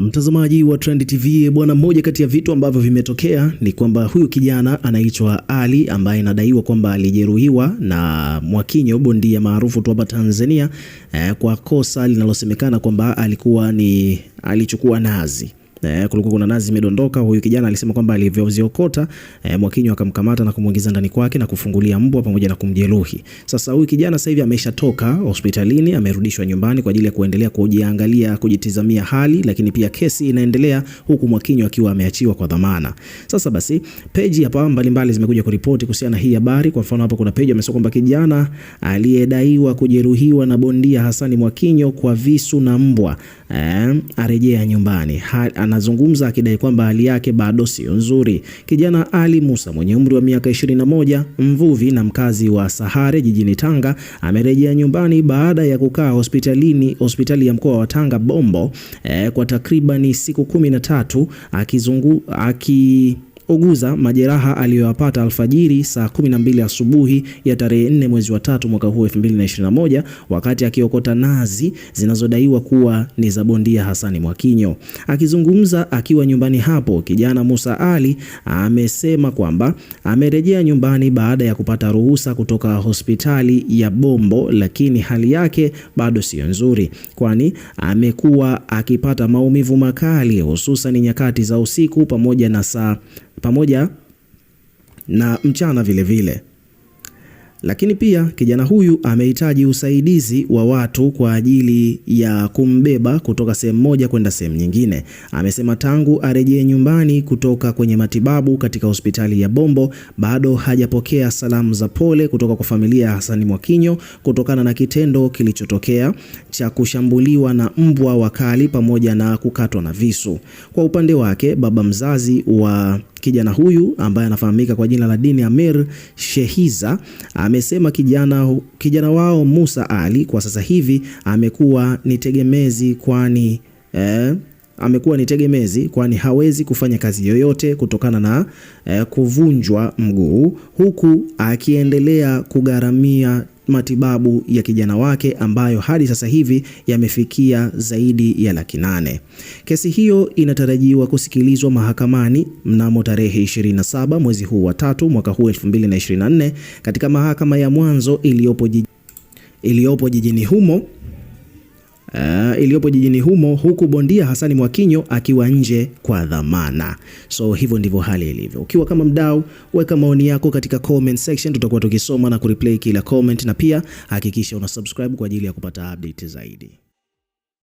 Mtazamaji wa Trend TV bwana, mmoja kati ya vitu ambavyo vimetokea ni kwamba huyu kijana anaitwa Ali ambaye inadaiwa kwamba alijeruhiwa na Mwakinyo bondia maarufu tu hapa Tanzania eh, kwa kosa linalosemekana kwamba alikuwa ni alichukua nazi eh, kulikuwa kuna nazi imedondoka. Huyu kijana alisema kwamba alivyoziokota eh, Mwakinyo akamkamata na kumwingiza ndani kwake na kufungulia mbwa pamoja na kumjeruhi. Sasa huyu kijana sasa hivi ameshatoka hospitalini, amerudishwa nyumbani kwa ajili ya kuendelea kujiangalia, kujitizamia hali, lakini pia kesi inaendelea huku Mwakinyo akiwa ameachiwa kwa dhamana. Sasa basi peji hapa mbalimbali zimekuja kuripoti kuhusiana na hii habari. Kwa mfano, hapa kuna peji amesema kwamba kijana aliyedaiwa kujeruhiwa na bondia Hassan Mwakinyo kwa visu na mbwa eh, arejea nyumbani ha, anazungumza akidai kwamba hali yake bado sio nzuri. Kijana Ali Musa mwenye umri wa miaka 21, mvuvi na mkazi wa Sahare jijini Tanga, amerejea nyumbani baada ya kukaa hospitalini, hospitali ya mkoa wa Tanga Bombo, eh, kwa takribani siku kumi na tatu akizungu aki uguza majeraha aliyoyapata alfajiri saa 12 asubuhi ya tarehe 4 mwezi wa tatu mwaka huu 2021 wakati akiokota nazi zinazodaiwa kuwa ni za bondia Hasani Mwakinyo. Akizungumza akiwa nyumbani hapo, kijana Musa Ali amesema kwamba amerejea nyumbani baada ya kupata ruhusa kutoka hospitali ya Bombo, lakini hali yake bado siyo nzuri, kwani amekuwa akipata maumivu makali hususan nyakati za usiku pamoja na saa pamoja na mchana vile vile. Lakini pia kijana huyu amehitaji usaidizi wa watu kwa ajili ya kumbeba kutoka sehemu moja kwenda sehemu nyingine. Amesema tangu arejee nyumbani kutoka kwenye matibabu katika hospitali ya Bombo bado hajapokea salamu za pole kutoka kwa familia ya Hassan Mwakinyo kutokana na kitendo kilichotokea cha kushambuliwa na mbwa wakali pamoja na kukatwa na visu. Kwa upande wake, baba mzazi wa Kijana huyu ambaye anafahamika kwa jina la Dini Amir Shehiza amesema kijana, kijana wao Musa Ali kwa sasa hivi amekuwa ni tegemezi kwani eh, amekuwa ni tegemezi kwani hawezi kufanya kazi yoyote kutokana na eh, kuvunjwa mguu huku akiendelea kugharamia matibabu ya kijana wake ambayo hadi sasa hivi yamefikia zaidi ya laki nane. Kesi hiyo inatarajiwa kusikilizwa mahakamani mnamo tarehe 27 mwezi huu wa tatu mwaka huu 2024 katika mahakama ya mwanzo iliyopo jijini humo uh, iliyopo jijini humo huku bondia Hasani Mwakinyo akiwa nje kwa dhamana. So hivyo ndivyo hali ilivyo. Ukiwa kama mdau, weka maoni yako katika comment section, tutakuwa tukisoma na kureplay kila comment, na pia hakikisha una subscribe kwa ajili ya kupata update zaidi.